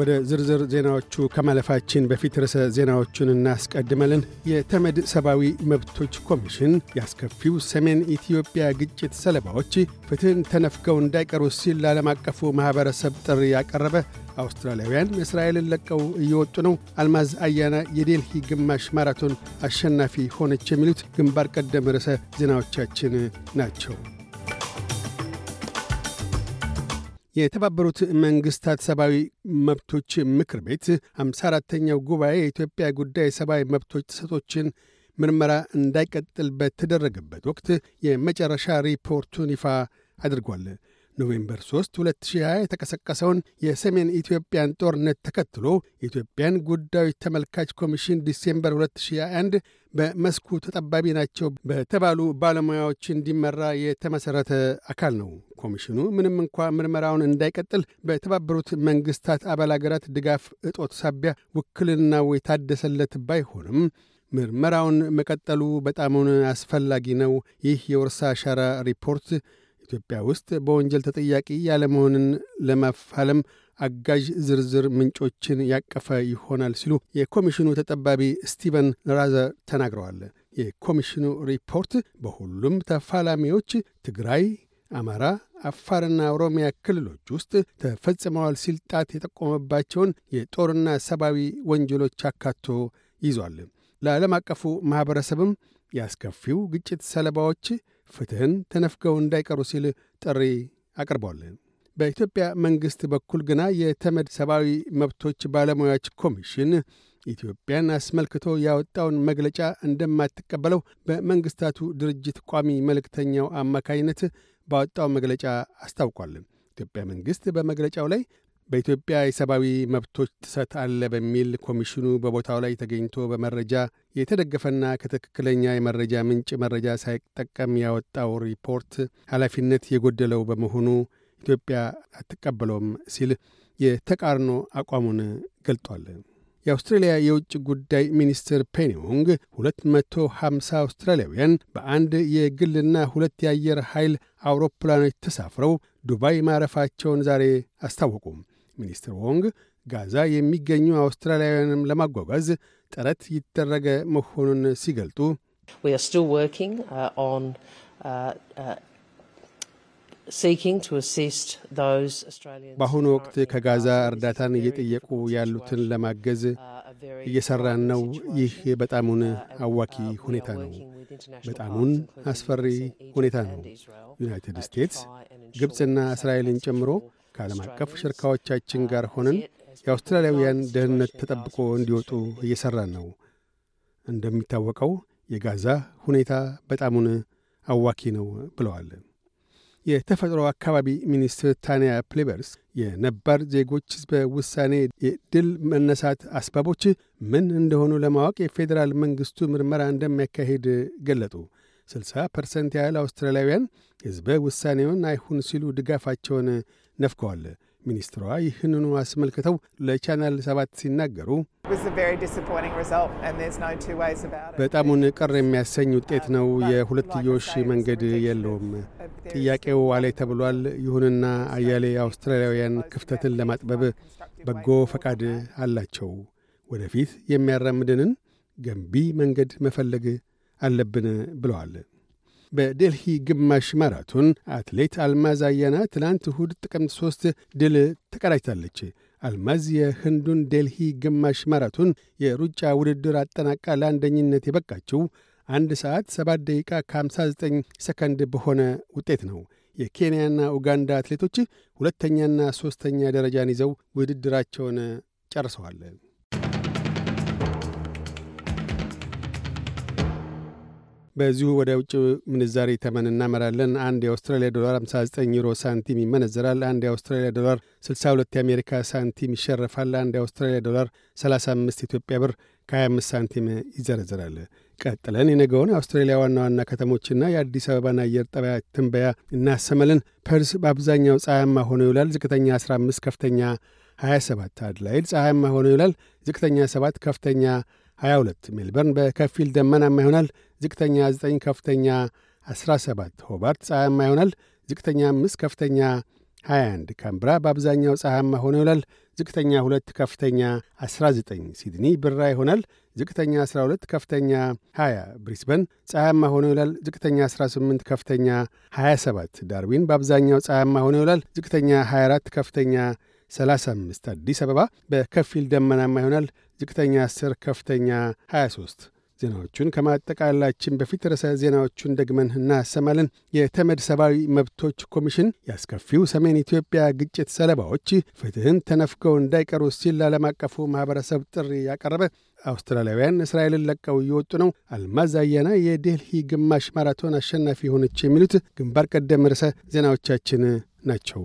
ወደ ዝርዝር ዜናዎቹ ከማለፋችን በፊት ርዕሰ ዜናዎቹን እናስቀድመልን። የተመድ ሰብአዊ መብቶች ኮሚሽን ያስከፊው ሰሜን ኢትዮጵያ ግጭት ሰለባዎች ፍትሕን ተነፍገው እንዳይቀሩ ሲል ለዓለም አቀፉ ማኅበረሰብ ጥሪ ያቀረበ፣ አውስትራሊያውያን እስራኤልን ለቀው እየወጡ ነው፣ አልማዝ አያና የዴልሂ ግማሽ ማራቶን አሸናፊ ሆነች፣ የሚሉት ግንባር ቀደም ርዕሰ ዜናዎቻችን ናቸው። የተባበሩት መንግስታት ሰብአዊ መብቶች ምክር ቤት 54ተኛው ጉባኤ የኢትዮጵያ ጉዳይ ሰብአዊ መብቶች ጥሰቶችን ምርመራ እንዳይቀጥል በተደረገበት ወቅት የመጨረሻ ሪፖርቱን ይፋ አድርጓል። ኖቬምበር 3 2020 የተቀሰቀሰውን የሰሜን ኢትዮጵያን ጦርነት ተከትሎ የኢትዮጵያን ጉዳዮች ተመልካች ኮሚሽን ዲሴምበር 2021 በመስኩ ተጠባቢ ናቸው በተባሉ ባለሙያዎች እንዲመራ የተመሠረተ አካል ነው። ኮሚሽኑ ምንም እንኳ ምርመራውን እንዳይቀጥል በተባበሩት መንግስታት አባል አገራት ድጋፍ እጦት ሳቢያ ውክልናው የታደሰለት ባይሆንም ምርመራውን መቀጠሉ በጣሙን አስፈላጊ ነው። ይህ የወርሳ አሻራ ሪፖርት ኢትዮጵያ ውስጥ በወንጀል ተጠያቂ ያለመሆንን ለማፋለም አጋዥ ዝርዝር ምንጮችን ያቀፈ ይሆናል ሲሉ የኮሚሽኑ ተጠባቢ ስቲቨን ራዘር ተናግረዋል። የኮሚሽኑ ሪፖርት በሁሉም ተፋላሚዎች ትግራይ አማራ፣ አፋርና ኦሮሚያ ክልሎች ውስጥ ተፈጽመዋል ሲል ጣት የጠቆመባቸውን የጦርና ሰብአዊ ወንጀሎች አካቶ ይዟል። ለዓለም አቀፉ ማኅበረሰብም የአስከፊው ግጭት ሰለባዎች ፍትሕን ተነፍገው እንዳይቀሩ ሲል ጥሪ አቅርቧል። በኢትዮጵያ መንግሥት በኩል ግና የተመድ ሰብአዊ መብቶች ባለሙያዎች ኮሚሽን ኢትዮጵያን አስመልክቶ ያወጣውን መግለጫ እንደማትቀበለው በመንግሥታቱ ድርጅት ቋሚ መልእክተኛው አማካይነት ባወጣው መግለጫ አስታውቋል። ኢትዮጵያ መንግሥት በመግለጫው ላይ በኢትዮጵያ የሰብአዊ መብቶች ጥሰት አለ በሚል ኮሚሽኑ በቦታው ላይ ተገኝቶ በመረጃ የተደገፈና ከትክክለኛ የመረጃ ምንጭ መረጃ ሳይጠቀም ያወጣው ሪፖርት ኃላፊነት የጎደለው በመሆኑ ኢትዮጵያ አትቀበለውም ሲል የተቃርኖ አቋሙን ገልጧል። የአውስትራሊያ የውጭ ጉዳይ ሚኒስትር ፔኒሆንግ 250 አውስትራሊያውያን በአንድ የግልና ሁለት የአየር ኃይል አውሮፕላኖች ተሳፍረው ዱባይ ማረፋቸውን ዛሬ አስታወቁ። ሚኒስትር ሆንግ ጋዛ የሚገኙ አውስትራሊያውያንም ለማጓጓዝ ጥረት ይደረገ መሆኑን ሲገልጡ በአሁኑ ወቅት ከጋዛ እርዳታን እየጠየቁ ያሉትን uh, ለማገዝ እየሠራን ነው። ይህ በጣሙን uh, አዋኪ uh, ሁኔታ ነው። በጣሙን አስፈሪ ሁኔታ ነው። ዩናይትድ ስቴትስ፣ ግብፅና እስራኤልን ጨምሮ ከዓለም አቀፍ ሽርካዎቻችን ጋር ሆነን የአውስትራሊያውያን ደህንነት ተጠብቆ እንዲወጡ እየሠራን ነው። እንደሚታወቀው የጋዛ ሁኔታ በጣሙን አዋኪ ነው ብለዋል። የተፈጥሮ አካባቢ ሚኒስትር ታንያ ፕሊበርስ የነባር ዜጎች ሕዝበ ውሳኔ የድል መነሳት አስባቦች ምን እንደሆኑ ለማወቅ የፌዴራል መንግሥቱ ምርመራ እንደሚያካሂድ ገለጡ። 60 ፐርሰንት ያህል አውስትራሊያውያን ሕዝበ ውሳኔውን አይሁን ሲሉ ድጋፋቸውን ነፍከዋል። ሚኒስትሯ ይህንኑ አስመልክተው ለቻናል ሰባት ሲናገሩ በጣሙን ቅር የሚያሰኝ ውጤት ነው፣ የሁለትዮሽ መንገድ የለውም። ጥያቄው አሌ ተብሏል። ይሁንና አያሌ አውስትራሊያውያን ክፍተትን ለማጥበብ በጎ ፈቃድ አላቸው። ወደፊት የሚያራምድንን ገንቢ መንገድ መፈለግ አለብን ብለዋል። በዴልሂ ግማሽ ማራቶን አትሌት አልማዝ አያና ትናንት እሁድ ጥቅምት ሦስት ድል ተቀዳጅታለች። አልማዝ የህንዱን ዴልሂ ግማሽ ማራቶን የሩጫ ውድድር አጠናቃ ለአንደኝነት የበቃችው አንድ ሰዓት 7 ደቂቃ ከ59 ሰከንድ በሆነ ውጤት ነው የኬንያና ኡጋንዳ አትሌቶች ሁለተኛና ሦስተኛ ደረጃን ይዘው ውድድራቸውን ጨርሰዋል። በዚሁ ወደ ውጭ ምንዛሪ ተመን እናመራለን። አንድ የአውስትራሊያ ዶላር 59 ዩሮ ሳንቲም ይመነዘራል። አንድ የአውስትራሊያ ዶላር 62 የአሜሪካ ሳንቲም ይሸርፋል። አንድ የአውስትራሊያ ዶላር 35 ኢትዮጵያ ብር ከ25 ሳንቲም ይዘረዝራል። ቀጥለን የነገውን የአውስትራሊያ ዋና ዋና ከተሞችና የአዲስ አበባን አየር ጠባይ ትንበያ እናሰመልን። ፐርስ በአብዛኛው ፀሐያማ ሆኖ ይውላል። ዝቅተኛ 15፣ ከፍተኛ 27። አድላይድ ፀሐያማ ሆኖ ይውላል። ዝቅተኛ 7፣ ከፍተኛ 22 ሜልበርን በከፊል ደመናማ ይሆናል። ዝቅተኛ 9 ከፍተኛ 17 ሆባርት ፀሐያማ ይሆናል። ዝቅተኛ 5 ከፍተኛ 21 ካምብራ በአብዛኛው ፀሐያማ ሆኖ ይውላል። ዝቅተኛ 2 ከፍተኛ 19 ሲድኒ ብራ ይሆናል። ዝቅተኛ 12 ከፍተኛ 20 ብሪስበን ፀሐያማ ሆኖ ይውላል። ዝቅተኛ 18 ከፍተኛ 27 ዳርዊን በአብዛኛው ፀሐያማ ሆኖ ይውላል። ዝቅተኛ 24 ከፍተኛ 35 አዲስ አበባ በከፊል ደመናማ ይሆናል። ዝቅተኛ 10 ከፍተኛ 23። ዜናዎቹን ከማጠቃላችን በፊት ርዕሰ ዜናዎቹን ደግመን እናሰማለን። የተመድ ሰብአዊ መብቶች ኮሚሽን ያስከፊው ሰሜን ኢትዮጵያ ግጭት ሰለባዎች ፍትሕን ተነፍገው እንዳይቀሩ ሲል ለዓለም አቀፉ ማኅበረሰብ ጥሪ ያቀረበ፣ አውስትራሊያውያን እስራኤልን ለቀው እየወጡ ነው፣ አልማዝ አያና የዴልሂ ግማሽ ማራቶን አሸናፊ ሆነች፣ የሚሉት ግንባር ቀደም ርዕሰ ዜናዎቻችን ናቸው።